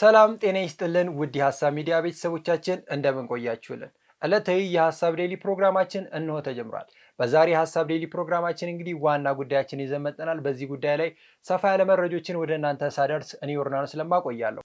ሰላም ጤና ይስጥልን ውድ የሀሳብ ሚዲያ ቤተሰቦቻችን እንደምን ቆያችሁልን? ዕለታዊ የሀሳብ ዴሊ ፕሮግራማችን እንሆ ተጀምሯል። በዛሬ ሀሳብ ዴሊ ፕሮግራማችን እንግዲህ ዋና ጉዳያችን ይዘን መጥተናል። በዚህ ጉዳይ ላይ ሰፋ ያለ መረጆችን ወደ እናንተ ሳደርስ እኔ ዮርዳኖስ ለማ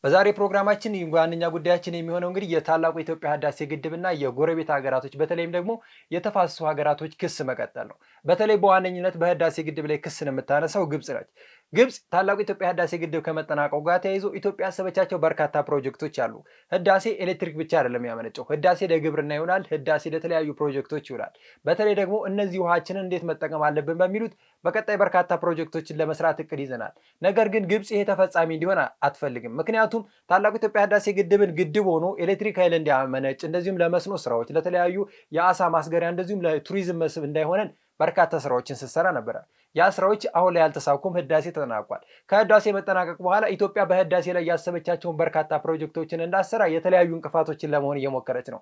በዛሬ ፕሮግራማችን ዋነኛ ጉዳያችን የሚሆነው እንግዲህ የታላቁ የኢትዮጵያ ህዳሴ ግድብና የጎረቤት ሀገራቶች በተለይም ደግሞ የተፋሰሱ ሀገራቶች ክስ መቀጠል ነው። በተለይ በዋነኝነት በህዳሴ ግድብ ላይ ክስን የምታነሳው ግብጽ ነች። ግብጽ ታላቁ የኢትዮጵያ ህዳሴ ግድብ ከመጠናቀቁ ጋር ተያይዞ ኢትዮጵያ ያሰበቻቸው በርካታ ፕሮጀክቶች አሉ። ህዳሴ ኤሌክትሪክ ብቻ አይደለም ያመነጨው። ህዳሴ ለግብርና ይሆናል። ህዳሴ ለተለያዩ ፕሮጀክቶች ይውላል። በተለይ ደግሞ እነዚህ ውሃችንን እንዴት መጠቀም አለብን በሚሉት በቀጣይ በርካታ ፕሮጀክቶችን ለመስራት እቅድ ይዘናል። ነገር ግን ግብጽ ይሄ ተፈጻሚ እንዲሆን አትፈልግም። ምክንያቱም ታላቁ የኢትዮጵያ ህዳሴ ግድብን ግድብ ሆኖ ኤሌክትሪክ ኃይል እንዲያመነጭ እንደዚሁም ለመስኖ ስራዎች፣ ለተለያዩ የአሳ ማስገሪያ እንደዚሁም ለቱሪዝም መስህብ እንዳይሆነን በርካታ ስራዎችን ስትሰራ ነበረ። ያ ስራዎች አሁን ላይ አልተሳኩም። ህዳሴ ተጠናቋል። ከህዳሴ መጠናቀቅ በኋላ ኢትዮጵያ በህዳሴ ላይ ያሰበቻቸውን በርካታ ፕሮጀክቶችን እንዳሰራ የተለያዩ እንቅፋቶችን ለመሆን እየሞከረች ነው።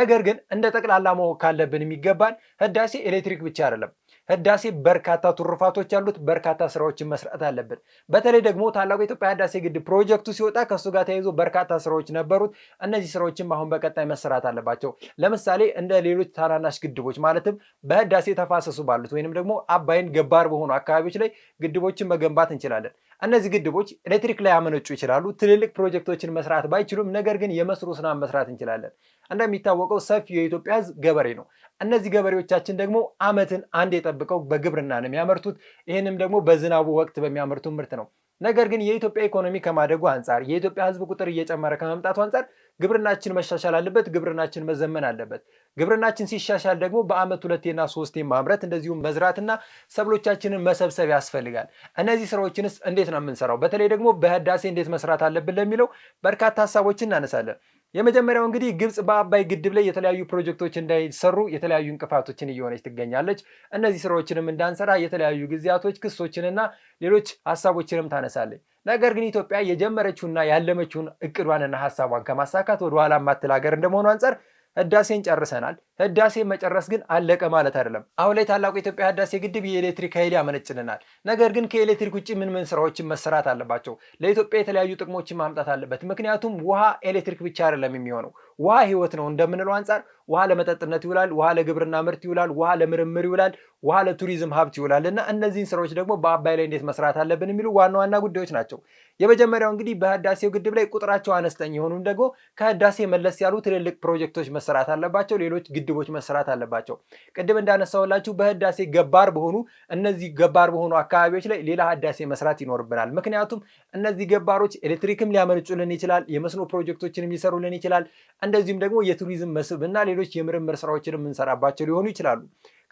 ነገር ግን እንደ ጠቅላላ መሆን ካለብን የሚገባን ህዳሴ ኤሌክትሪክ ብቻ አይደለም። ህዳሴ በርካታ ትሩፋቶች ያሉት በርካታ ስራዎችን መስራት አለብን። በተለይ ደግሞ ታላቁ የኢትዮጵያ ህዳሴ ግድብ ፕሮጀክቱ ሲወጣ ከእሱ ጋር ተያይዞ በርካታ ስራዎች ነበሩት። እነዚህ ስራዎችም አሁን በቀጣይ መሰራት አለባቸው። ለምሳሌ እንደ ሌሎች ታናናሽ ግድቦች ማለትም በህዳሴ ተፋሰሱ ባሉት ወይንም ደግሞ አባይን ገባር በሆኑ አካባቢዎች ላይ ግድቦችን መገንባት እንችላለን። እነዚህ ግድቦች ኤሌክትሪክ ያመነጩ ይችላሉ። ትልልቅ ፕሮጀክቶችን መስራት ባይችሉም፣ ነገር ግን የመስኖ ስራን መስራት እንችላለን። እንደሚታወቀው ሰፊ የኢትዮጵያ ሕዝብ ገበሬ ነው። እነዚህ ገበሬዎቻችን ደግሞ አመትን አንድ የጠብቀው በግብርና ነው የሚያመርቱት። ይህንም ደግሞ በዝናቡ ወቅት በሚያመርቱ ምርት ነው። ነገር ግን የኢትዮጵያ ኢኮኖሚ ከማደጉ አንጻር የኢትዮጵያ ሕዝብ ቁጥር እየጨመረ ከመምጣቱ አንጻር ግብርናችን መሻሻል አለበት። ግብርናችን መዘመን አለበት። ግብርናችን ሲሻሻል ደግሞ በዓመት ሁለቴና ሶስቴ ማምረት እንደዚሁም መዝራትና ሰብሎቻችንን መሰብሰብ ያስፈልጋል። እነዚህ ስራዎችንስ እንዴት ነው የምንሰራው? በተለይ ደግሞ በህዳሴ እንዴት መስራት አለብን ለሚለው በርካታ ሀሳቦችን እናነሳለን። የመጀመሪያው እንግዲህ ግብጽ በአባይ ግድብ ላይ የተለያዩ ፕሮጀክቶች እንዳይሰሩ የተለያዩ እንቅፋቶችን እየሆነች ትገኛለች። እነዚህ ስራዎችንም እንዳንሰራ የተለያዩ ጊዜያቶች ክሶችንና ሌሎች ሀሳቦችንም ታነሳለች። ነገር ግን ኢትዮጵያ የጀመረችውና ያለመችውን እቅዷንና ሀሳቧን ከማሳካት ወደኋላ ማትል ሀገር እንደመሆኑ አንጻር ህዳሴን ጨርሰናል። ህዳሴ መጨረስ ግን አለቀ ማለት አይደለም። አሁን ላይ ታላቁ የኢትዮጵያ ህዳሴ ግድብ የኤሌክትሪክ ኃይል ያመነጭልናል። ነገር ግን ከኤሌክትሪክ ውጭ ምን ምን ስራዎችን መሰራት አለባቸው? ለኢትዮጵያ የተለያዩ ጥቅሞችን ማምጣት አለበት። ምክንያቱም ውሃ ኤሌክትሪክ ብቻ አይደለም የሚሆነው ውሃ ህይወት ነው እንደምንለው አንጻር ውሃ ለመጠጥነት ይውላል፣ ውሃ ለግብርና ምርት ይውላል፣ ውሃ ለምርምር ይውላል፣ ውሃ ለቱሪዝም ሀብት ይውላል እና እነዚህን ስራዎች ደግሞ በአባይ ላይ እንዴት መስራት አለብን የሚሉ ዋና ዋና ጉዳዮች ናቸው። የመጀመሪያው እንግዲህ በህዳሴው ግድብ ላይ ቁጥራቸው አነስተኛ የሆኑም ደግሞ ከህዳሴ መለስ ያሉ ትልልቅ ፕሮጀክቶች መሰራት አለባቸው፣ ሌሎች ግድቦች መሰራት አለባቸው። ቅድም እንዳነሳውላችሁ በህዳሴ ገባር በሆኑ እነዚህ ገባር በሆኑ አካባቢዎች ላይ ሌላ ህዳሴ መስራት ይኖርብናል። ምክንያቱም እነዚህ ገባሮች ኤሌክትሪክም ሊያመነጩልን ይችላል፣ የመስኖ ፕሮጀክቶችንም ሊሰሩልን ይችላል። እንደዚሁም ደግሞ የቱሪዝም መስህብ እና ሌሎች የምርምር ስራዎችን የምንሰራባቸው ሊሆኑ ይችላሉ።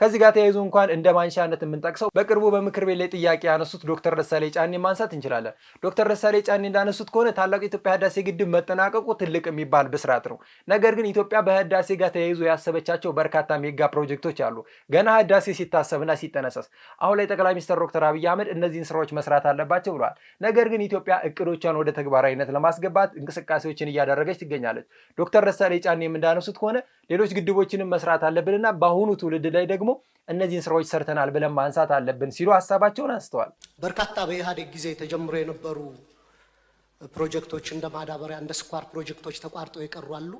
ከዚህ ጋር ተያይዞ እንኳን እንደ ማንሻነት የምንጠቅሰው በቅርቡ በምክር ቤት ላይ ጥያቄ ያነሱት ዶክተር ደሳሌ ጫኔ ማንሳት እንችላለን። ዶክተር ደሳሌ ጫኔ እንዳነሱት ከሆነ ታላቁ የኢትዮጵያ ህዳሴ ግድብ መጠናቀቁ ትልቅ የሚባል ብስራት ነው። ነገር ግን ኢትዮጵያ በህዳሴ ጋር ተያይዞ ያሰበቻቸው በርካታ ሜጋ ፕሮጀክቶች አሉ። ገና ህዳሴ ሲታሰብና ሲጠነሰስ አሁን ላይ ጠቅላይ ሚኒስትር ዶክተር አብይ አህመድ እነዚህን ስራዎች መስራት አለባቸው ብለዋል። ነገር ግን ኢትዮጵያ እቅዶቿን ወደ ተግባራዊነት ለማስገባት እንቅስቃሴዎችን እያደረገች ትገኛለች። ዶክተር ደሳሌ ጫኔም እንዳነሱት ከሆነ ሌሎች ግድቦችንም መስራት አለብንና በአሁኑ ትውልድ ላይ ደግሞ እነዚህን ስራዎች ሰርተናል ብለን ማንሳት አለብን ሲሉ ሀሳባቸውን አንስተዋል። በርካታ በኢህአዴግ ጊዜ ተጀምሮ የነበሩ ፕሮጀክቶች እንደ ማዳበሪያ፣ እንደ ስኳር ፕሮጀክቶች ተቋርጠው የቀሩ አሉ።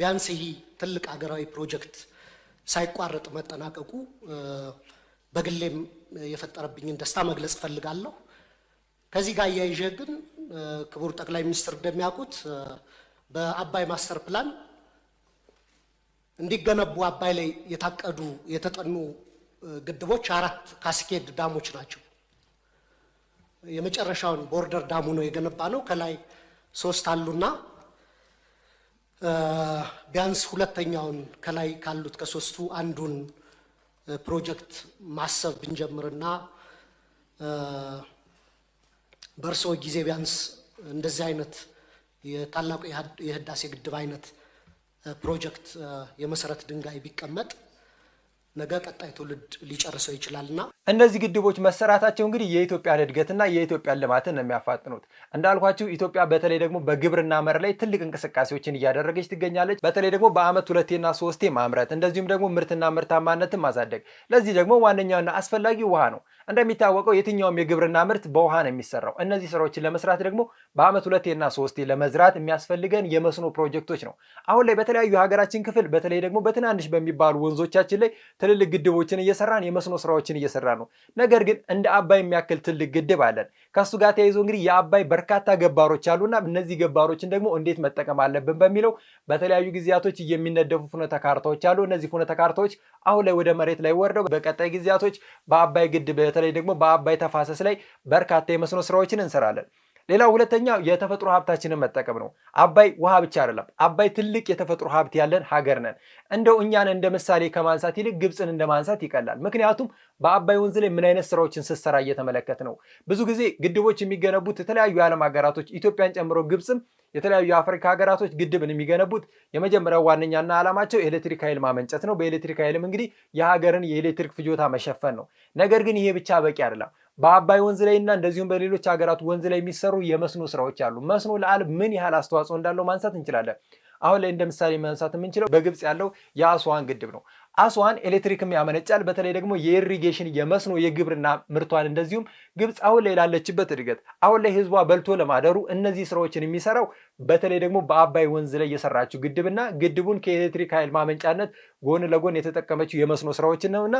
ቢያንስ ይህ ትልቅ ሀገራዊ ፕሮጀክት ሳይቋረጥ መጠናቀቁ በግሌም የፈጠረብኝን ደስታ መግለጽ እፈልጋለሁ። ከዚህ ጋር እያይዤ ግን ክቡር ጠቅላይ ሚኒስትር እንደሚያውቁት በአባይ ማስተር ፕላን እንዲገነቡ አባይ ላይ የታቀዱ የተጠኑ ግድቦች አራት ካስኬድ ዳሞች ናቸው። የመጨረሻውን ቦርደር ዳሙ ነው የገነባ ነው። ከላይ ሶስት አሉና ቢያንስ ሁለተኛውን ከላይ ካሉት ከሶስቱ አንዱን ፕሮጀክት ማሰብ ብንጀምርና በእርስዎ ጊዜ ቢያንስ እንደዚህ አይነት የታላቁ የህዳሴ ግድብ አይነት ፕሮጀክት የመሰረት ድንጋይ ቢቀመጥ ነገ ቀጣይ ትውልድ ሊጨርሰው ይችላልና እነዚህ ግድቦች መሰራታቸው እንግዲህ የኢትዮጵያን እድገትና የኢትዮጵያን ልማትን ነው የሚያፋጥኑት። እንዳልኳችሁ ኢትዮጵያ በተለይ ደግሞ በግብርና መር ላይ ትልቅ እንቅስቃሴዎችን እያደረገች ትገኛለች። በተለይ ደግሞ በአመት ሁለቴና ሶስቴ ማምረት እንደዚሁም ደግሞ ምርትና ምርታማነትን ማሳደግ፣ ለዚህ ደግሞ ዋነኛውና አስፈላጊ ውሃ ነው። እንደሚታወቀው የትኛውም የግብርና ምርት በውሃ ነው የሚሰራው። እነዚህ ስራዎችን ለመስራት ደግሞ በአመት ሁለቴና ሶስቴ ለመዝራት የሚያስፈልገን የመስኖ ፕሮጀክቶች ነው። አሁን ላይ በተለያዩ የሀገራችን ክፍል በተለይ ደግሞ በትናንሽ በሚባሉ ወንዞቻችን ላይ ትልልቅ ግድቦችን እየሰራን የመስኖ ስራዎችን እየሰራ ነው። ነገር ግን እንደ አባይ የሚያክል ትልቅ ግድብ አለን። ከሱ ጋር ተያይዞ እንግዲህ የአባይ በርካታ ገባሮች አሉና እነዚህ ገባሮችን ደግሞ እንዴት መጠቀም አለብን በሚለው በተለያዩ ጊዜያቶች የሚነደፉ ፍኖተ ካርታዎች አሉ። እነዚህ ፍኖተ ካርታዎች አሁን ላይ ወደ መሬት ላይ ወርደው በቀጣይ ጊዜያቶች በአባይ ግድብ በተለይ ደግሞ በአባይ ተፋሰስ ላይ በርካታ የመስኖ ስራዎችን እንሰራለን። ሌላው ሁለተኛው የተፈጥሮ ሀብታችንን መጠቀም ነው። አባይ ውሃ ብቻ አይደለም። አባይ ትልቅ የተፈጥሮ ሀብት ያለን ሀገር ነን። እንደው እኛን እንደ ምሳሌ ከማንሳት ይልቅ ግብፅን እንደ ማንሳት ይቀላል። ምክንያቱም በአባይ ወንዝ ላይ ምን አይነት ስራዎችን ስትሰራ እየተመለከት ነው። ብዙ ጊዜ ግድቦች የሚገነቡት የተለያዩ የዓለም ሀገራቶች ኢትዮጵያን ጨምሮ ግብፅም የተለያዩ የአፍሪካ ሀገራቶች ግድብን የሚገነቡት የመጀመሪያው ዋነኛና ዓላማቸው የኤሌክትሪክ ኃይል ማመንጨት ነው። በኤሌክትሪክ ኃይልም እንግዲህ የሀገርን የኤሌክትሪክ ፍጆታ መሸፈን ነው። ነገር ግን ይሄ ብቻ በቂ አይደለም። በአባይ ወንዝ ላይ እና እንደዚሁም በሌሎች ሀገራት ወንዝ ላይ የሚሰሩ የመስኖ ስራዎች አሉ። መስኖ ለዓለም ምን ያህል አስተዋጽኦ እንዳለው ማንሳት እንችላለን። አሁን ላይ እንደ ምሳሌ ማንሳት የምንችለው በግብፅ ያለው የአስዋን ግድብ ነው። አስዋን ኤሌክትሪክም ያመነጫል። በተለይ ደግሞ የኢሪጌሽን የመስኖ የግብርና ምርቷን እንደዚሁም ግብፅ አሁን ላይ ላለችበት እድገት፣ አሁን ላይ ህዝቧ በልቶ ለማደሩ እነዚህ ስራዎችን የሚሰራው በተለይ ደግሞ በአባይ ወንዝ ላይ የሰራችው ግድብና ግድቡን ከኤሌክትሪክ ኃይል ማመንጫነት ጎን ለጎን የተጠቀመችው የመስኖ ስራዎችን ነው እና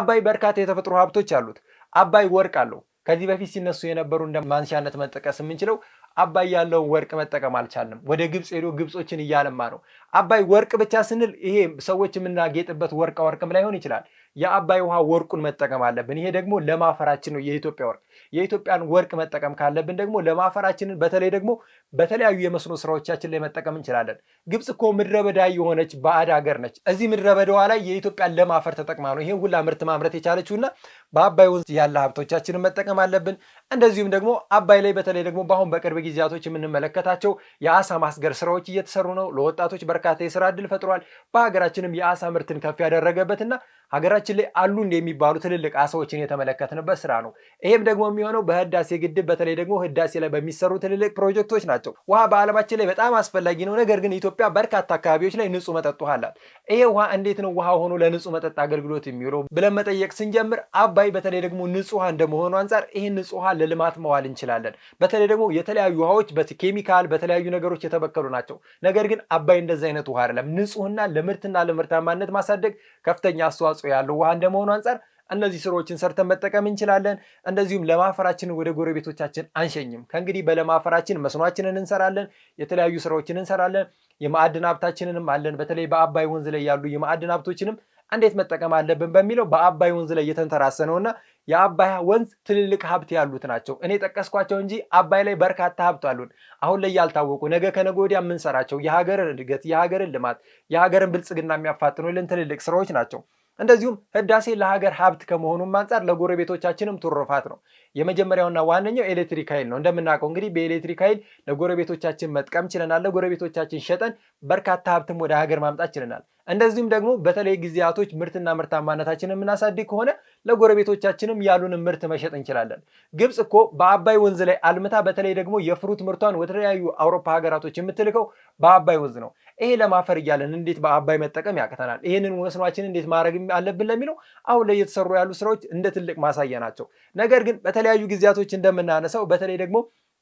አባይ በርካታ የተፈጥሮ ሀብቶች አሉት። አባይ ወርቅ አለው። ከዚህ በፊት ሲነሱ የነበሩ እንደ ማንሻነት መጠቀስ የምንችለው አባይ ያለውን ወርቅ መጠቀም አልቻለም። ወደ ግብፅ ሄዶ ግብጾችን እያለማ ነው። አባይ ወርቅ ብቻ ስንል ይሄ ሰዎች የምናጌጥበት ወርቃ ወርቅም ላይሆን ይችላል። የአባይ ውሃ ወርቁን መጠቀም አለብን። ይሄ ደግሞ ለማፈራችን ነው። የኢትዮጵያ ወርቅ የኢትዮጵያን ወርቅ መጠቀም ካለብን ደግሞ ለማፈራችንን በተለይ ደግሞ በተለያዩ የመስኖ ስራዎቻችን ላይ መጠቀም እንችላለን። ግብፅ እኮ ምድረ በዳ የሆነች ባዕድ ሀገር ነች። እዚህ ምድረ በዳዋ ላይ የኢትዮጵያን ለማፈር ተጠቅማ ነው ይሄ ሁላ ምርት ማምረት የቻለችውና በአባይ ወንዝ ያለ ሀብቶቻችንን መጠቀም አለብን። እንደዚሁም ደግሞ አባይ ላይ በተለይ ደግሞ በአሁን በቅርብ ጊዜያቶች የምንመለከታቸው የአሳ ማስገር ስራዎች እየተሰሩ ነው። ለወጣቶች በርካታ የስራ እድል ፈጥሯል። በሀገራችንም የአሳ ምርትን ከፍ ያደረገበትና ሀገራችን ላይ አሉ የሚባሉ ትልልቅ አሳዎችን የተመለከትንበት ስራ ነው። ይሄም ደግሞ የሚሆነው በህዳሴ ግድብ በተለይ ደግሞ ህዳሴ ላይ በሚሰሩ ትልልቅ ፕሮጀክቶች ናቸው። ውሃ በዓለማችን ላይ በጣም አስፈላጊ ነው። ነገር ግን ኢትዮጵያ በርካታ አካባቢዎች ላይ ንጹህ መጠጥ ውሃ አላት። ይሄ ውሃ እንዴት ነው ውሃ ሆኖ ለንጹህ መጠጥ አገልግሎት የሚውለው ብለን መጠየቅ ስንጀምር አባ አባይ በተለይ ደግሞ ንጹህ እንደመሆኑ አንጻር ይህን ንጹህ ለልማት መዋል እንችላለን። በተለይ ደግሞ የተለያዩ ውሃዎች በኬሚካል በተለያዩ ነገሮች የተበከሉ ናቸው። ነገር ግን አባይ እንደዚ አይነት ውሃ አይደለም። ንጹህና ለምርትና ለምርታማነት ማሳደግ ከፍተኛ አስተዋጽኦ ያለው ውሃ እንደመሆኑ አንጻር እነዚህ ስራዎችን ሰርተን መጠቀም እንችላለን። እንደዚሁም ለማፈራችን ወደ ጎረቤቶቻችን አንሸኝም። ከእንግዲህ በለማፈራችን አፈራችን እንሰራለን፣ የተለያዩ ስራዎችን እንሰራለን። የማዕድን ሀብታችንንም አለን። በተለይ በአባይ ወንዝ ላይ ያሉ የማዕድን ሀብቶችንም እንዴት መጠቀም አለብን በሚለው በአባይ ወንዝ ላይ እየተንተራሰ እና የአባይ ወንዝ ትልልቅ ሀብት ያሉት ናቸው። እኔ ጠቀስኳቸው እንጂ አባይ ላይ በርካታ ሀብት አሉን። አሁን ላይ ያልታወቁ ነገ ከነገ ወዲያ የምንሰራቸው የሀገርን እድገት፣ የሀገርን ልማት፣ የሀገርን ብልጽግና የሚያፋጥኑልን ትልልቅ ስራዎች ናቸው። እንደዚሁም ህዳሴ ለሀገር ሀብት ከመሆኑም አንጻር ለጎረቤቶቻችንም ትሩፋት ነው። የመጀመሪያውና ዋነኛው ኤሌክትሪክ ኃይል ነው። እንደምናውቀው እንግዲህ በኤሌክትሪክ ኃይል ለጎረቤቶቻችን መጥቀም ችለናል። ለጎረቤቶቻችን ሸጠን በርካታ ሀብትም ወደ ሀገር ማምጣት ችለናል። እንደዚሁም ደግሞ በተለይ ጊዜያቶች ምርትና ምርታማነታችንን የምናሳድግ ከሆነ ለጎረቤቶቻችንም ያሉንን ምርት መሸጥ እንችላለን። ግብፅ እኮ በአባይ ወንዝ ላይ አልምታ በተለይ ደግሞ የፍሩት ምርቷን ወደተለያዩ አውሮፓ ሀገራቶች የምትልከው በአባይ ወንዝ ነው። ይሄ ለማፈር እያለን እንዴት በአባይ መጠቀም ያቅተናል? ይህንን ወስኗችን እንዴት ማድረግ አለብን ለሚለው አሁን ላይ የተሰሩ ያሉ ስራዎች እንደ ትልቅ ማሳያ ናቸው። ነገር ግን በተለያዩ ጊዜያቶች እንደምናነሳው በተለይ ደግሞ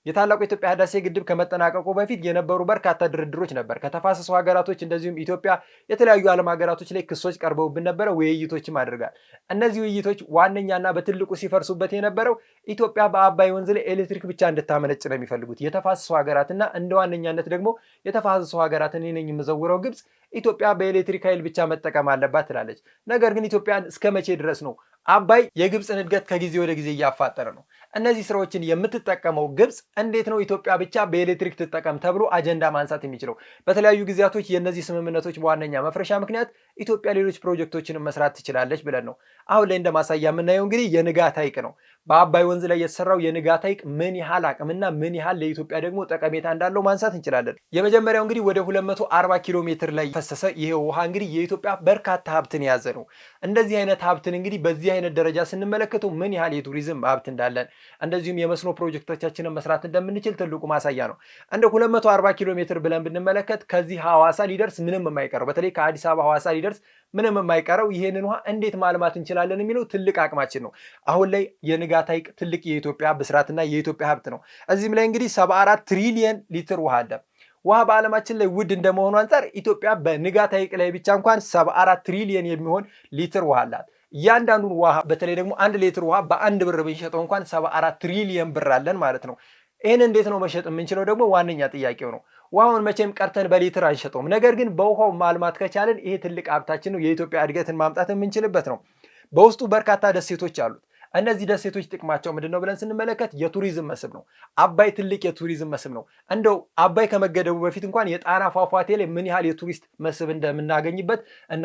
የታላቁ የኢትዮጵያ ህዳሴ ግድብ ከመጠናቀቁ በፊት የነበሩ በርካታ ድርድሮች ነበር። ከተፋሰሱ ሀገራቶች እንደዚሁም ኢትዮጵያ የተለያዩ ዓለም ሀገራቶች ላይ ክሶች ቀርበውብን ነበረ። ውይይቶችም አድርጋል። እነዚህ ውይይቶች ዋነኛና በትልቁ ሲፈርሱበት የነበረው ኢትዮጵያ በአባይ ወንዝ ላይ ኤሌክትሪክ ብቻ እንድታመነጭ ነው የሚፈልጉት የተፋሰሱ ሀገራትና እንደ ዋነኛነት ደግሞ የተፋሰሱ ሀገራትን እኔ ነኝ የምዘውረው ግብፅ ኢትዮጵያ በኤሌክትሪክ ኃይል ብቻ መጠቀም አለባት ትላለች። ነገር ግን ኢትዮጵያን እስከ መቼ ድረስ ነው? አባይ የግብፅን እድገት ከጊዜ ወደ ጊዜ እያፋጠረ ነው። እነዚህ ስራዎችን የምትጠቀመው ግብፅ እንዴት ነው ኢትዮጵያ ብቻ በኤሌክትሪክ ትጠቀም ተብሎ አጀንዳ ማንሳት የሚችለው? በተለያዩ ጊዜያቶች የእነዚህ ስምምነቶች በዋነኛ መፍረሻ ምክንያት ኢትዮጵያ ሌሎች ፕሮጀክቶችን መስራት ትችላለች ብለን ነው። አሁን ላይ እንደማሳያ የምናየው እንግዲህ የንጋት ሐይቅ ነው። በአባይ ወንዝ ላይ የተሰራው የንጋት ሐይቅ ምን ያህል አቅምና ምን ያህል ለኢትዮጵያ ደግሞ ጠቀሜታ እንዳለው ማንሳት እንችላለን። የመጀመሪያው እንግዲህ ወደ 240 ኪሎ ሜትር ላይ ፈሰሰ። ይሄ ውሃ እንግዲህ የኢትዮጵያ በርካታ ሀብትን የያዘ ነው። እንደዚህ አይነት ሀብትን እንግዲህ በዚህ አይነት ደረጃ ስንመለከተው ምን ያህል የቱሪዝም ሀብት እንዳለን እንደዚሁም የመስኖ ፕሮጀክቶቻችንን መስራት እንደምንችል ትልቁ ማሳያ ነው። እንደ 240 ኪሎ ሜትር ብለን ብንመለከት ከዚህ ሐዋሳ ሊደርስ ምንም የማይቀረው በተለይ ከአዲስ አበባ ሐዋሳ ሊደርስ ምንም የማይቀረው ይህንን ውሃ እንዴት ማልማት እንችላለን የሚለው ትልቅ አቅማችን ነው። አሁን ላይ የንጋት ሐይቅ ትልቅ የኢትዮጵያ ብስራትና የኢትዮጵያ ሀብት ነው። እዚህም ላይ እንግዲህ ሰባ ትሪሊየን ሊትር ውሃ አለ። ውሃ በዓለማችን ላይ ውድ እንደመሆኑ አንጻር ኢትዮጵያ በንጋት ሐይቅ ላይ ብቻ እንኳን ሰባ ትሪሊየን የሚሆን ሊትር ውሃ አላት። እያንዳንዱን ውሃ በተለይ ደግሞ አንድ ሌትር ውሃ በአንድ ብር ብንሸጠው እንኳን ሰባ ትሪሊየን ብር አለን ማለት ነው። ይህን እንዴት ነው መሸጥ የምንችለው ደግሞ ዋነኛ ጥያቄው ነው። ውሃውን መቼም ቀርተን በሊትር አንሸጠውም። ነገር ግን በውሃው ማልማት ከቻለን ይሄ ትልቅ ሀብታችን ነው። የኢትዮጵያ እድገትን ማምጣት የምንችልበት ነው። በውስጡ በርካታ ደሴቶች አሉት። እነዚህ ደሴቶች ጥቅማቸው ምንድን ነው ብለን ስንመለከት የቱሪዝም መስህብ ነው። አባይ ትልቅ የቱሪዝም መስህብ ነው። እንደው አባይ ከመገደቡ በፊት እንኳን የጣና ፏፏቴ ላይ ምን ያህል የቱሪስት መስህብ እንደምናገኝበት እና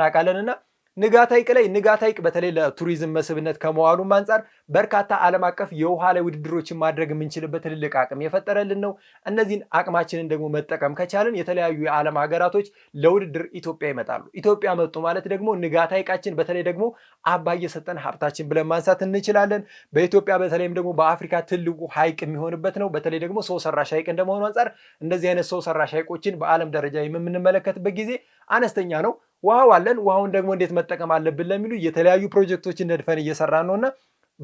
ንጋት ሐይቅ ላይ ንጋት ሐይቅ በተለይ ለቱሪዝም መስህብነት ከመዋሉም አንጻር በርካታ ዓለም አቀፍ የውሃ ላይ ውድድሮችን ማድረግ የምንችልበት ትልቅ አቅም የፈጠረልን ነው። እነዚህን አቅማችንን ደግሞ መጠቀም ከቻልን የተለያዩ የዓለም ሀገራቶች ለውድድር ኢትዮጵያ ይመጣሉ። ኢትዮጵያ መጡ ማለት ደግሞ ንጋት ሐይቃችን በተለይ ደግሞ አባይ የሰጠን ሀብታችን ብለን ማንሳት እንችላለን። በኢትዮጵያ በተለይም ደግሞ በአፍሪካ ትልቁ ሐይቅ የሚሆንበት ነው። በተለይ ደግሞ ሰው ሰራሽ ሐይቅ እንደመሆኑ አንጻር እንደዚህ አይነት ሰው ሰራሽ ሐይቆችን በዓለም ደረጃ የምንመለከትበት ጊዜ አነስተኛ ነው። ውሃው አለን፣ ውሃውን ደግሞ እንዴት መጠቀም አለብን ለሚሉ የተለያዩ ፕሮጀክቶችን ነድፈን እየሰራን ነው እና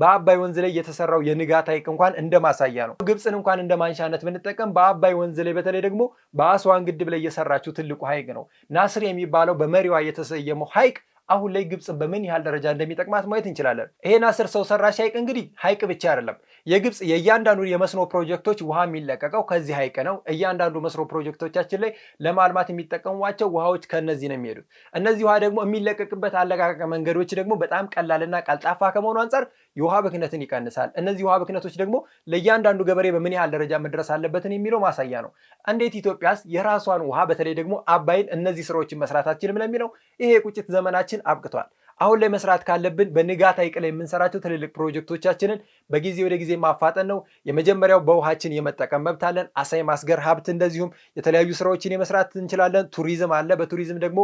በአባይ ወንዝ ላይ የተሰራው የንጋት ሐይቅ እንኳን እንደ ማሳያ ነው። ግብፅን እንኳን እንደ ማንሻነት ብንጠቀም በአባይ ወንዝ ላይ በተለይ ደግሞ በአስዋን ግድብ ላይ እየሰራችው ትልቁ ሐይቅ ነው። ናስር የሚባለው በመሪዋ የተሰየመው ሐይቅ አሁን ላይ ግብፅን በምን ያህል ደረጃ እንደሚጠቅማት ማየት እንችላለን። ይሄን አስር ሰው ሰራሽ ሐይቅ እንግዲህ ሐይቅ ብቻ አይደለም። የግብፅ የእያንዳንዱ የመስኖ ፕሮጀክቶች ውሃ የሚለቀቀው ከዚህ ሐይቅ ነው። እያንዳንዱ መስኖ ፕሮጀክቶቻችን ላይ ለማልማት የሚጠቀሟቸው ውሃዎች ከነዚህ ነው የሚሄዱት። እነዚህ ውሃ ደግሞ የሚለቀቅበት አለቃቀቅ መንገዶች ደግሞ በጣም ቀላልና ቀልጣፋ ከመሆኑ አንጻር የውሃ ብክነትን ይቀንሳል። እነዚህ ውሃ ብክነቶች ደግሞ ለእያንዳንዱ ገበሬ በምን ያህል ደረጃ መድረስ አለበትን የሚለው ማሳያ ነው። እንዴት ኢትዮጵያስ የራሷን ውሃ በተለይ ደግሞ አባይን እነዚህ ስራዎችን አችልም ለሚለው ይሄ የቁጭት ዘመናችን ፕሮጀክቶቻችን አብቅቷል። አሁን ላይ መስራት ካለብን በንጋት ሐይቅ ላይ የምንሰራቸው ትልልቅ ፕሮጀክቶቻችንን በጊዜ ወደ ጊዜ ማፋጠን ነው። የመጀመሪያው በውሃችን የመጠቀም መብት አለን። አሳ ማስገር ሀብት፣ እንደዚሁም የተለያዩ ስራዎችን የመስራት እንችላለን። ቱሪዝም አለ። በቱሪዝም ደግሞ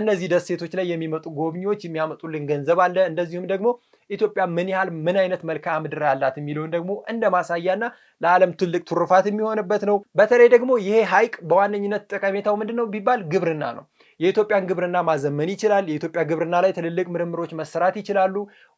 እነዚህ ደሴቶች ላይ የሚመጡ ጎብኚዎች የሚያመጡልን ገንዘብ አለ። እንደዚሁም ደግሞ ኢትዮጵያ ምን ያህል ምን አይነት መልክዓ ምድር አላት የሚለውን ደግሞ እንደ ማሳያና ለዓለም ትልቅ ትሩፋት የሚሆንበት ነው። በተለይ ደግሞ ይሄ ሐይቅ በዋነኝነት ጠቀሜታው ምንድን ነው ቢባል ግብርና ነው። የኢትዮጵያን ግብርና ማዘመን ይችላል። የኢትዮጵያ ግብርና ላይ ትልልቅ ምርምሮች መሰራት ይችላሉ።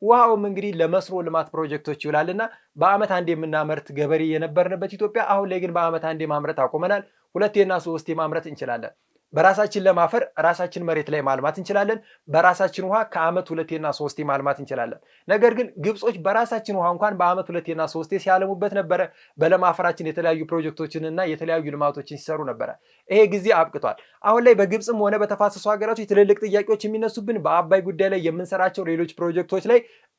ውሃውም እንግዲህ ለመስኖ ልማት ፕሮጀክቶች ይውላልና በአመት አንድ የምናመርት ገበሬ የነበርንበት ኢትዮጵያ አሁን ላይ ግን በአመት አንድ ማምረት አቁመናል። ሁለቴና ሶስቴ ማምረት እንችላለን። በራሳችን ለም አፈር ራሳችን መሬት ላይ ማልማት እንችላለን። በራሳችን ውሃ ከአመት ሁለቴና ሶስቴ ማልማት እንችላለን። ነገር ግን ግብጾች በራሳችን ውሃ እንኳን በዓመት ሁለቴና ሶስቴ ሲያለሙበት ነበረ። በለም አፈራችን የተለያዩ ፕሮጀክቶችንና የተለያዩ ልማቶችን ሲሰሩ ነበረ። ይሄ ጊዜ አብቅቷል። አሁን ላይ በግብፅም ሆነ በተፋሰሱ ሀገራቶች ትልልቅ ጥያቄዎች የሚነሱብን በአባይ ጉዳይ ላይ የምንሰራቸው ሌሎች ፕሮጀክቶች ላይ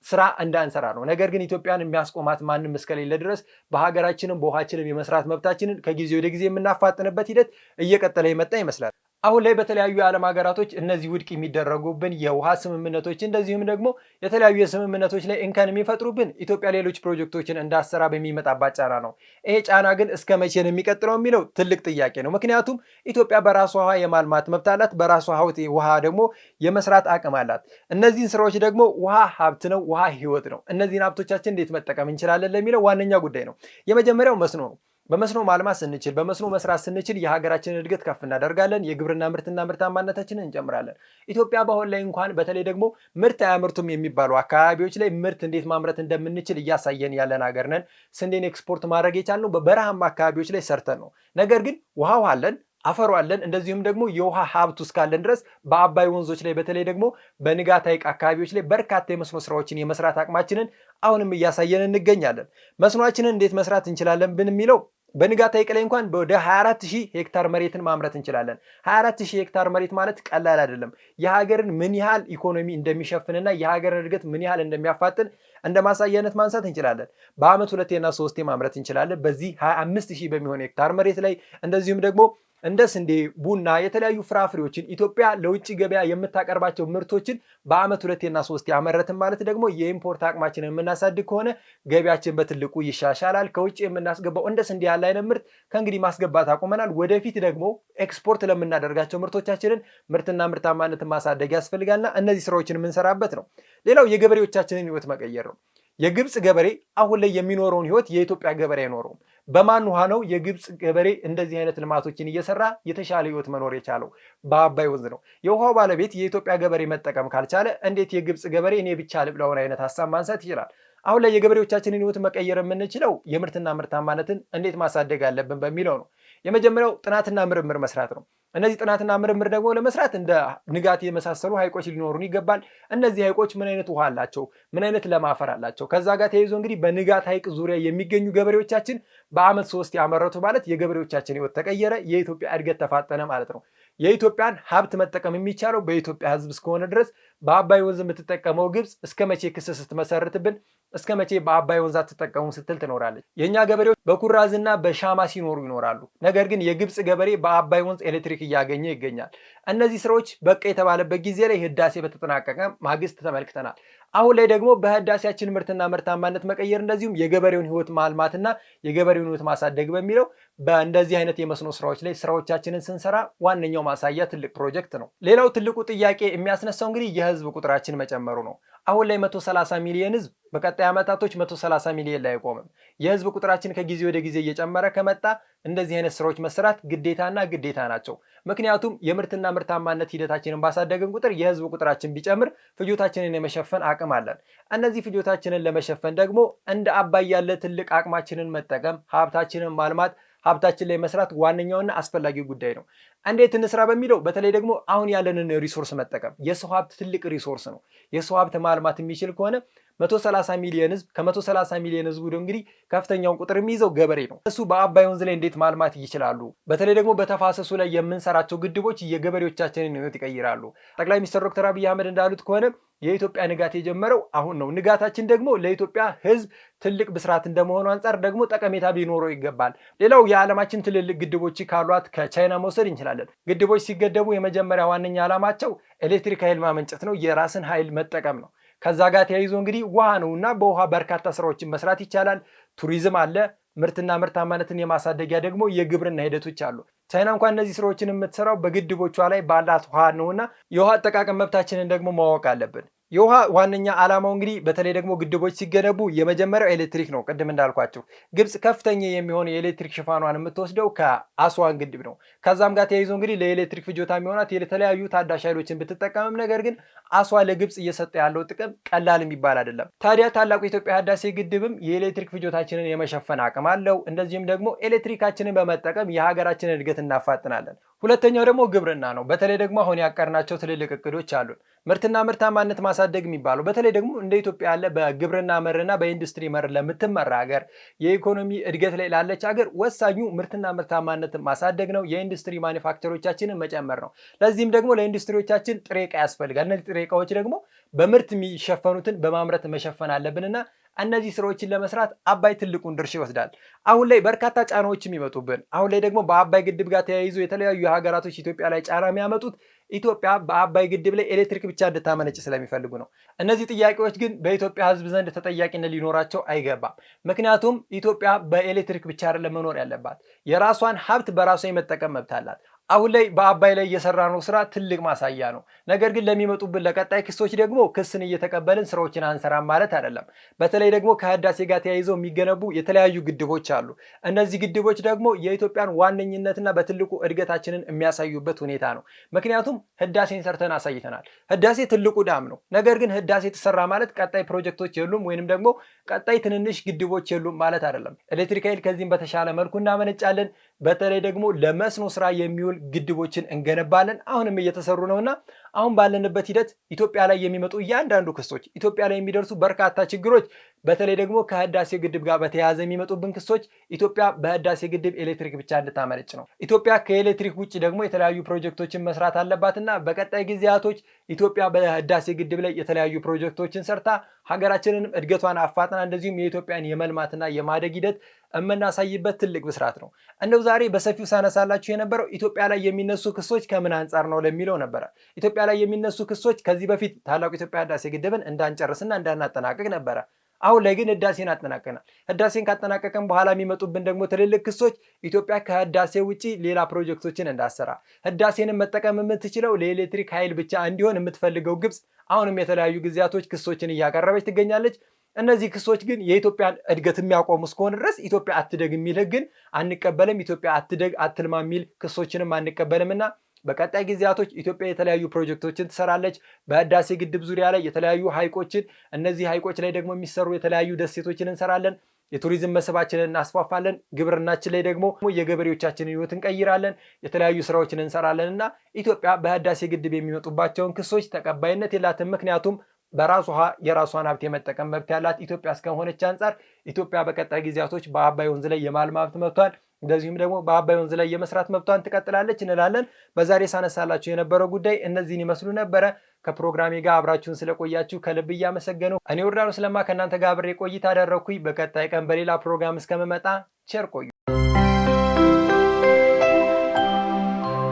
ስራ እንዳንሰራ ነው። ነገር ግን ኢትዮጵያን የሚያስቆማት ማንም እስከሌለ ድረስ በሀገራችንም በውሃችንም የመስራት መብታችንን ከጊዜ ወደ ጊዜ የምናፋጥንበት ሂደት እየቀጠለ የመጣ ይመስላል። አሁን ላይ በተለያዩ የዓለም ሀገራቶች እነዚህ ውድቅ የሚደረጉብን የውሃ ስምምነቶች እንደዚሁም ደግሞ የተለያዩ የስምምነቶች ላይ እንከን የሚፈጥሩብን ኢትዮጵያ ሌሎች ፕሮጀክቶችን እንዳሰራ በሚመጣባት ጫና ነው። ይሄ ጫና ግን እስከ መቼ ነው የሚቀጥለው የሚለው ትልቅ ጥያቄ ነው። ምክንያቱም ኢትዮጵያ በራሷ ውሃ የማልማት መብት አላት፣ በራሷ ሀብት ውሃ ደግሞ የመስራት አቅም አላት። እነዚህን ስራዎች ደግሞ ውሃ ሀብት ነው፣ ውሃ ህይወት ነው። እነዚህን ሀብቶቻችን እንዴት መጠቀም እንችላለን ለሚለው ዋነኛ ጉዳይ ነው። የመጀመሪያው መስኖ ነው። በመስኖ ማልማት ስንችል በመስኖ መስራት ስንችል የሀገራችንን እድገት ከፍ እናደርጋለን። የግብርና ምርትና ምርታማነታችንን እንጨምራለን። ኢትዮጵያ በአሁን ላይ እንኳን በተለይ ደግሞ ምርት አያምርቱም የሚባሉ አካባቢዎች ላይ ምርት እንዴት ማምረት እንደምንችል እያሳየን ያለን ሀገር ነን። ስንዴን ኤክስፖርት ማድረግ የቻልነው በበረሃማ አካባቢዎች ላይ ሰርተን ነው። ነገር ግን ውሃው አለን አፈሩ አለን እንደዚሁም ደግሞ የውሃ ሀብቱ እስካለን ድረስ በአባይ ወንዞች ላይ በተለይ ደግሞ በንጋት ሐይቅ አካባቢዎች ላይ በርካታ የመስኖ ስራዎችን የመስራት አቅማችንን አሁንም እያሳየን እንገኛለን። መስኖችንን እንዴት መስራት እንችላለን ብን የሚለው በንጋት ሐይቅ ላይ እንኳን ወደ 24000 ሄክታር መሬትን ማምረት እንችላለን። 24000 ሄክታር መሬት ማለት ቀላል አይደለም። የሀገርን ምን ያህል ኢኮኖሚ እንደሚሸፍንና የሀገርን እድገት ምን ያህል እንደሚያፋጥን እንደ ማሳያነት ማንሳት እንችላለን። በአመት ሁለቴና ሶስቴ ማምረት እንችላለን በዚህ 25000 በሚሆን ሄክታር መሬት ላይ እንደዚሁም ደግሞ እንደ ስንዴ፣ ቡና፣ የተለያዩ ፍራፍሬዎችን ኢትዮጵያ ለውጭ ገበያ የምታቀርባቸው ምርቶችን በአመት ሁለቴና ሶስት ያመረትን ማለት ደግሞ የኢምፖርት አቅማችን የምናሳድግ ከሆነ ገቢያችን በትልቁ ይሻሻላል። ከውጭ የምናስገባው እንደ ስንዴ ያለ አይነት ምርት ከእንግዲህ ማስገባት አቁመናል። ወደፊት ደግሞ ኤክስፖርት ለምናደርጋቸው ምርቶቻችንን ምርትና ምርታማነትን ማሳደግ ያስፈልጋልና እነዚህ ስራዎችን የምንሰራበት ነው። ሌላው የገበሬዎቻችንን ህይወት መቀየር ነው። የግብፅ ገበሬ አሁን ላይ የሚኖረውን ህይወት የኢትዮጵያ ገበሬ አይኖረውም። በማን ውሃ ነው የግብፅ ገበሬ እንደዚህ አይነት ልማቶችን እየሰራ የተሻለ ህይወት መኖር የቻለው? በአባይ ወንዝ ነው። የውሃው ባለቤት የኢትዮጵያ ገበሬ መጠቀም ካልቻለ እንዴት የግብፅ ገበሬ እኔ ብቻ ልብለውን አይነት ሀሳብ ማንሳት ይችላል? አሁን ላይ የገበሬዎቻችንን ህይወት መቀየር የምንችለው የምርትና ምርታማነትን እንዴት ማሳደግ አለብን በሚለው ነው። የመጀመሪያው ጥናትና ምርምር መስራት ነው። እነዚህ ጥናትና ምርምር ደግሞ ለመስራት እንደ ንጋት የመሳሰሉ ሀይቆች ሊኖሩን ይገባል። እነዚህ ሀይቆች ምን አይነት ውሃ አላቸው? ምን አይነት ለማፈር አፈር አላቸው? ከዛ ጋር ተያይዞ እንግዲህ በንጋት ሀይቅ ዙሪያ የሚገኙ ገበሬዎቻችን በአመት ሶስት ያመረቱ ማለት የገበሬዎቻችን ህይወት ተቀየረ፣ የኢትዮጵያ እድገት ተፋጠነ ማለት ነው። የኢትዮጵያን ሀብት መጠቀም የሚቻለው በኢትዮጵያ ህዝብ እስከሆነ ድረስ በአባይ ወንዝ የምትጠቀመው ግብፅ እስከ መቼ ክስ ስትመሰርትብን እስከ መቼ በአባይ ወንዝ አትጠቀሙ ስትል ትኖራለች። የእኛ ገበሬዎች በኩራዝና በሻማ ሲኖሩ ይኖራሉ። ነገር ግን የግብፅ ገበሬ በአባይ ወንዝ ኤሌክትሪክ እያገኘ ይገኛል። እነዚህ ስራዎች በቃ የተባለበት ጊዜ ላይ ህዳሴ በተጠናቀቀ ማግስት ተመልክተናል። አሁን ላይ ደግሞ በህዳሴያችን ምርትና ምርታማነት መቀየር እንደዚሁም የገበሬውን ህይወት ማልማትና የገበሬውን ህይወት ማሳደግ በሚለው በእንደዚህ አይነት የመስኖ ስራዎች ላይ ስራዎቻችንን ስንሰራ ዋነኛው ማሳያ ትልቅ ፕሮጀክት ነው። ሌላው ትልቁ ጥያቄ የሚያስነሳው እንግዲህ የህዝብ ቁጥራችን መጨመሩ ነው። አሁን ላይ 130 ሚሊዮን ህዝብ በቀጣይ ዓመታቶች 130 ሚሊዮን ላይ አይቆምም። የህዝብ ቁጥራችን ከጊዜ ወደ ጊዜ እየጨመረ ከመጣ እንደዚህ አይነት ስራዎች መስራት ግዴታና ግዴታ ናቸው። ምክንያቱም የምርትና ምርታማነት ሂደታችንን ባሳደግን ቁጥር የህዝብ ቁጥራችን ቢጨምር ፍጆታችንን የመሸፈን አቅም አለን። እነዚህ ፍጆታችንን ለመሸፈን ደግሞ እንደ አባይ ያለ ትልቅ አቅማችንን መጠቀም ሀብታችንን ማልማት ሀብታችን ላይ መስራት ዋነኛውና አስፈላጊ ጉዳይ ነው። እንዴት እንስራ በሚለው በተለይ ደግሞ አሁን ያለንን ሪሶርስ መጠቀም የሰው ሀብት ትልቅ ሪሶርስ ነው። የሰው ሀብት ማልማት የሚችል ከሆነ 130 ሚሊዮን ህዝብ ከ130 ሚሊዮን ህዝቡ እንግዲህ ከፍተኛውን ቁጥር የሚይዘው ገበሬ ነው። እሱ በአባይ ወንዝ ላይ እንዴት ማልማት ይችላሉ? በተለይ ደግሞ በተፋሰሱ ላይ የምንሰራቸው ግድቦች የገበሬዎቻችንን ህይወት ይቀይራሉ። ጠቅላይ ሚኒስትር ዶክተር አብይ አህመድ እንዳሉት ከሆነ የኢትዮጵያ ንጋት የጀመረው አሁን ነው። ንጋታችን ደግሞ ለኢትዮጵያ ህዝብ ትልቅ ብስራት እንደመሆኑ አንጻር ደግሞ ጠቀሜታ ቢኖረው ይገባል። ሌላው የዓለማችን ትልልቅ ግድቦች ካሏት ከቻይና መውሰድ እንችላለን። ግድቦች ሲገደቡ የመጀመሪያ ዋነኛ ዓላማቸው ኤሌክትሪክ ኃይል ማመንጨት ነው፣ የራስን ኃይል መጠቀም ነው። ከዛ ጋር ተያይዞ እንግዲህ ውሃ ነው እና በውሃ በርካታ ስራዎችን መስራት ይቻላል። ቱሪዝም አለ። ምርትና ምርታማነትን የማሳደጊያ ደግሞ የግብርና ሂደቶች አሉ። ቻይና እንኳን እነዚህ ስራዎችን የምትሰራው በግድቦቿ ላይ ባላት ውሃ እና የውሃ አጠቃቀም መብታችንን ደግሞ ማወቅ አለብን። የውሃ ዋነኛ ዓላማው እንግዲህ በተለይ ደግሞ ግድቦች ሲገነቡ የመጀመሪያው ኤሌክትሪክ ነው። ቅድም እንዳልኳቸው ግብፅ ከፍተኛ የሚሆን የኤሌክትሪክ ሽፋኗን የምትወስደው ከአስዋን ግድብ ነው። ከዛም ጋር ተያይዞ እንግዲህ ለኤሌክትሪክ ፍጆታ የሚሆናት የተለያዩ ታዳሽ ኃይሎችን ብትጠቀምም፣ ነገር ግን አስዋ ለግብፅ እየሰጠ ያለው ጥቅም ቀላል የሚባል አይደለም። ታዲያ ታላቁ የኢትዮጵያ ህዳሴ ግድብም የኤሌክትሪክ ፍጆታችንን የመሸፈን አቅም አለው። እንደዚህም ደግሞ ኤሌክትሪካችንን በመጠቀም የሀገራችንን እድገት እናፋጥናለን። ሁለተኛው ደግሞ ግብርና ነው። በተለይ ደግሞ አሁን ያቀርናቸው ትልልቅ እቅዶች አሉን። ምርትና ምርታማነት ማሳደግ የሚባለው በተለይ ደግሞ እንደ ኢትዮጵያ ያለ በግብርና መርና በኢንዱስትሪ መር ለምትመራ ሀገር የኢኮኖሚ እድገት ላይ ላለች ሀገር ወሳኙ ምርትና ምርታማነት ማሳደግ ነው። የኢንዱስትሪ ማኒፋክቸሮቻችንን መጨመር ነው። ለዚህም ደግሞ ለኢንዱስትሪዎቻችን ጥሬ ዕቃ ያስፈልጋል። እነዚህ ጥሬ ዕቃዎች ደግሞ በምርት የሚሸፈኑትን በማምረት መሸፈን አለብንና እነዚህ ስራዎችን ለመስራት አባይ ትልቁን ድርሻ ይወስዳል። አሁን ላይ በርካታ ጫናዎች የሚመጡብን አሁን ላይ ደግሞ በአባይ ግድብ ጋር ተያይዞ የተለያዩ ሀገራቶች ኢትዮጵያ ላይ ጫና የሚያመጡት ኢትዮጵያ በአባይ ግድብ ላይ ኤሌክትሪክ ብቻ እንድታመነጭ ስለሚፈልጉ ነው። እነዚህ ጥያቄዎች ግን በኢትዮጵያ ሕዝብ ዘንድ ተጠያቂነት ሊኖራቸው አይገባም። ምክንያቱም ኢትዮጵያ በኤሌክትሪክ ብቻ አይደለም መኖር ያለባት፣ የራሷን ሀብት በራሷ የመጠቀም መብት አላት። አሁን ላይ በአባይ ላይ ነው ስራ ትልቅ ማሳያ ነው። ነገር ግን ለሚመጡብን ለቀጣይ ክሶች ደግሞ ክስን እየተቀበልን ስራዎችን አንሰራም ማለት አይደለም። በተለይ ደግሞ ከህዳሴ ጋር ተያይዘው የሚገነቡ የተለያዩ ግድቦች አሉ። እነዚህ ግድቦች ደግሞ የኢትዮጵያን ዋነኝነትና በትልቁ እድገታችንን የሚያሳዩበት ሁኔታ ነው። ምክንያቱም ህዳሴን ሰርተን አሳይተናል። ህዳሴ ትልቁ ዳም ነው። ነገር ግን ህዳሴ ተሰራ ማለት ቀጣይ ፕሮጀክቶች የሉም ወይንም ደግሞ ቀጣይ ትንንሽ ግድቦች የሉም ማለት አይደለም። ኤሌክትሪክ ኃይል ከዚህም በተሻለ መልኩ እናመነጫለን። በተለይ ደግሞ ለመስኖ ስራ የሚውል ግድቦችን እንገነባለን። አሁንም እየተሰሩ ነውና አሁን ባለንበት ሂደት ኢትዮጵያ ላይ የሚመጡ እያንዳንዱ ክሶች፣ ኢትዮጵያ ላይ የሚደርሱ በርካታ ችግሮች፣ በተለይ ደግሞ ከህዳሴ ግድብ ጋር በተያያዘ የሚመጡብን ክሶች ኢትዮጵያ በህዳሴ ግድብ ኤሌክትሪክ ብቻ እንድታመነጭ ነው። ኢትዮጵያ ከኤሌክትሪክ ውጭ ደግሞ የተለያዩ ፕሮጀክቶችን መስራት አለባትና በቀጣይ ጊዜያቶች ኢትዮጵያ በህዳሴ ግድብ ላይ የተለያዩ ፕሮጀክቶችን ሰርታ ሀገራችንንም እድገቷን አፋጥና እንደዚሁም የኢትዮጵያን የመልማትና የማደግ ሂደት የምናሳይበት ትልቅ ብስራት ነው። እንደው ዛሬ በሰፊው ሳነሳላችሁ የነበረው ኢትዮጵያ ላይ የሚነሱ ክሶች ከምን አንጻር ነው ለሚለው ነበረ። ኢትዮጵያ ላይ የሚነሱ ክሶች ከዚህ በፊት ታላቁ ኢትዮጵያ ህዳሴ ግድብን እንዳንጨርስና እንዳናጠናቅቅ ነበረ። አሁን ላይ ግን ህዳሴን አጠናቀናል። ህዳሴን ካጠናቀቀን በኋላ የሚመጡብን ደግሞ ትልልቅ ክሶች ኢትዮጵያ ከህዳሴ ውጪ ሌላ ፕሮጀክቶችን እንዳሰራ፣ ህዳሴንን መጠቀም የምትችለው ለኤሌክትሪክ ኃይል ብቻ እንዲሆን የምትፈልገው ግብፅ አሁንም የተለያዩ ጊዜያቶች ክሶችን እያቀረበች ትገኛለች። እነዚህ ክሶች ግን የኢትዮጵያን እድገት የሚያቆሙ እስከሆነ ድረስ ኢትዮጵያ አትደግ የሚል ህግን አንቀበልም፣ ኢትዮጵያ አትደግ አትልማ የሚል ክሶችንም አንቀበልም እና በቀጣይ ጊዜያቶች ኢትዮጵያ የተለያዩ ፕሮጀክቶችን ትሰራለች። በህዳሴ ግድብ ዙሪያ ላይ የተለያዩ ሀይቆችን፣ እነዚህ ሀይቆች ላይ ደግሞ የሚሰሩ የተለያዩ ደሴቶችን እንሰራለን። የቱሪዝም መስህባችንን እናስፋፋለን። ግብርናችን ላይ ደግሞ የገበሬዎቻችንን ህይወት እንቀይራለን። የተለያዩ ስራዎችን እንሰራለን እና ኢትዮጵያ በህዳሴ ግድብ የሚመጡባቸውን ክሶች ተቀባይነት የላትም። ምክንያቱም በራሷ የራሷን ሀብት የመጠቀም መብት ያላት ኢትዮጵያ እስከሆነች አንጻር ኢትዮጵያ በቀጣይ ጊዜያቶች በአባይ ወንዝ ላይ የማልማት መብቷን እንደዚሁም ደግሞ በአባይ ወንዝ ላይ የመስራት መብቷን ትቀጥላለች እንላለን። በዛሬ ሳነሳላችሁ የነበረው ጉዳይ እነዚህን ይመስሉ ነበረ። ከፕሮግራሜ ጋር አብራችሁን ስለቆያችሁ ከልብ እያመሰገኑ እኔ ዮርዳኖስ ለማ ከእናንተ ጋር አብሬ ቆይታ አደረግኩኝ። በቀጣይ ቀን በሌላ ፕሮግራም እስከምመጣ ቸር ቆዩ።